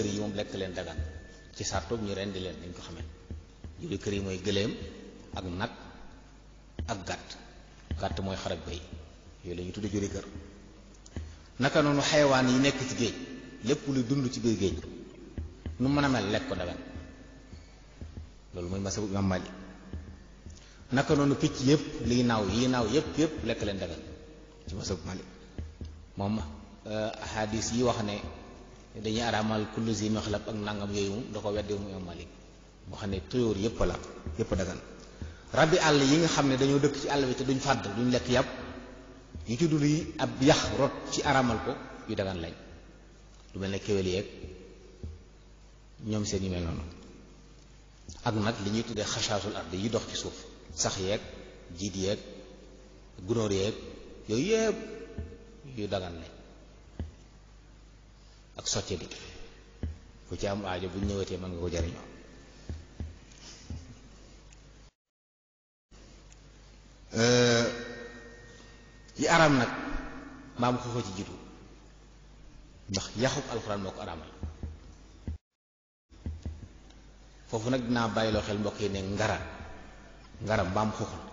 kër yi moom lekk leen dagan ci sartoog ñu rendi leen dañ ko xamee juri kër yi mooy gëléem ak nag ak gàtt gàtt mooy xarak bay yooyu la tudd tudde juri kër naka noonu xewaan yi nekk ci géej lépp lu dund ci biir géej nu mën a mel lekk ko dagan loolu mooy masabu imam Malik naka noonu picc yëpp liy naaw yi naaw yëpp yëpp lekk leen dagan ci masabu Malik moom ahadis euh, yi wax ne dañuy araamal kullu zi ak nangam yooyu moom da ko weddi mu imam moo xam ne tuyóor yëpp la yëpp dagan rabi àll yi nga xam ne dañoo dëkk ci àll bi te duñ fàdd duñ lekk yàpp yu ci dul yi ab yax rot ci araamal ko yu dagan lañ lu mel ne kéwél yeeg ñoom seen yu mel noonu ak nag li ñuy tuddee xashaasul ard yi dox ci suuf sax yeeg jiit yéeg gunóor yeeg yooyu yëpp yu dagan lañ ak socce bi ku ci am aajo bu ñëwatee mën nga ko jariñoo yi araam nag maam ko ci jiitu ndax yaxub alxuraan moo ko araamal foofu nag dinaa bàyyiloo xel mbokk yi ne ngara ngara mbaam xuxul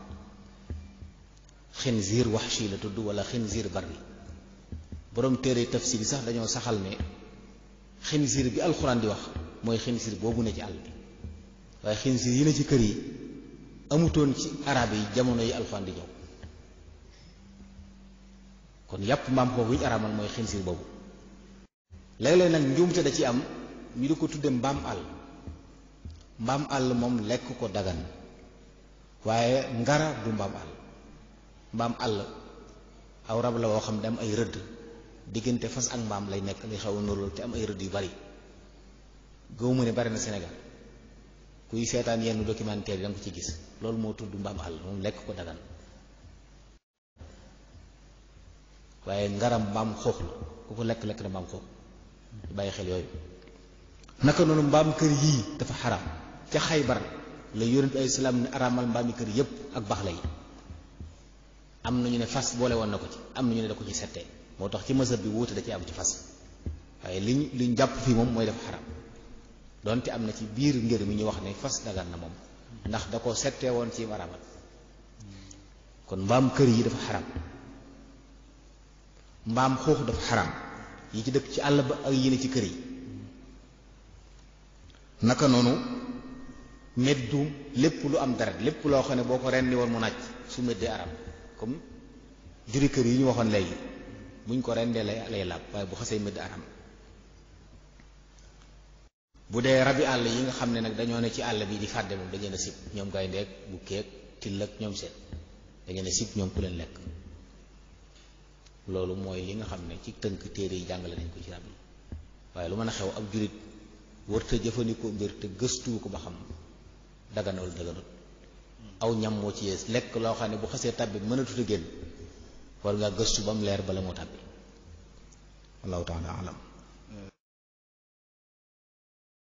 xinziir wax sii la tudd wala xinziir barri borom téere tafsir yi sax dañoo saxal ne xinsir bi alxuraan di wax mooy xinsir boobu ne ci àll bi waaye xinsir yi na ci kër yi amutoon ci arab yi jamono yi alxuraan di ñëw kon yàpp mbaam kooku yi araamal mooy xinsir boobu léeg nag njuumte da ci am ñu di mbaam àll moom lekk ko dagan waaye ngara du mbaam àll mbaam àll aw rab la woo xam dem ay rëdd diggante fas ak mbaam lay nekk luy xaw a nurul te am ay rëdd yu bari gëw mu ne bari na senegal kuy seetaan yenn documentaire yi da ko ci gis loolu moo tudd mbaam àll moom lekk ko dagan waaye ngaram mbaam xoox la ku ko lekk lekk na mbaam xoox bàyyi xel yooyu naka noonu mbaam kër yii dafa xaram ca xaybar la yonent ay salaam ne araamal mbaami kër yépp ak baax la yi am na ñu ne fas boole woon na ko ci am na ñu ne da ko ci settee moo tax ci mazhab bi wuute da ci am ci fas waaye liñ liñ jàpp fii moom mooy def xaram donte am na ci biir ngër mi ñu wax ne fas dagan na moom ndax da ko settee woon ci waraamal kon mbaam kër yi dafa xaram mbaam xuux dafa xaram yi ci dëkk ci àll ba ak yi ne ci kër yi naka noonu meddu lépp lu am deret lépp loo xam ne boo ko rendi woon mu naaj su meddee aram comme juri kër yi ñu waxoon léegi buñ ko rendee lay lay làpp waaye bu xasee mëdd aram bu dee rabi àll yi nga xam ne nag dañoo ne ci àll bi di fàdde moom dañu ne sib ñoom gayndeek bu keek till ak ñoom seen dañu ne sib ñoom ku leen lekk loolu mooy yi nga xam ne ci tënk téere yi jàngale nañ ko ci rab yi waaye lu mën a xew ab jurit wërta jëfandikoo mbir te gëstu ko ba xam daganawul daganut aw ñam moo ci yées lekk loo xam ne bu xasee tàbbi mënatut génn war ngaa gëstu ba mu leer bala moo tàbbi wallahu taala alam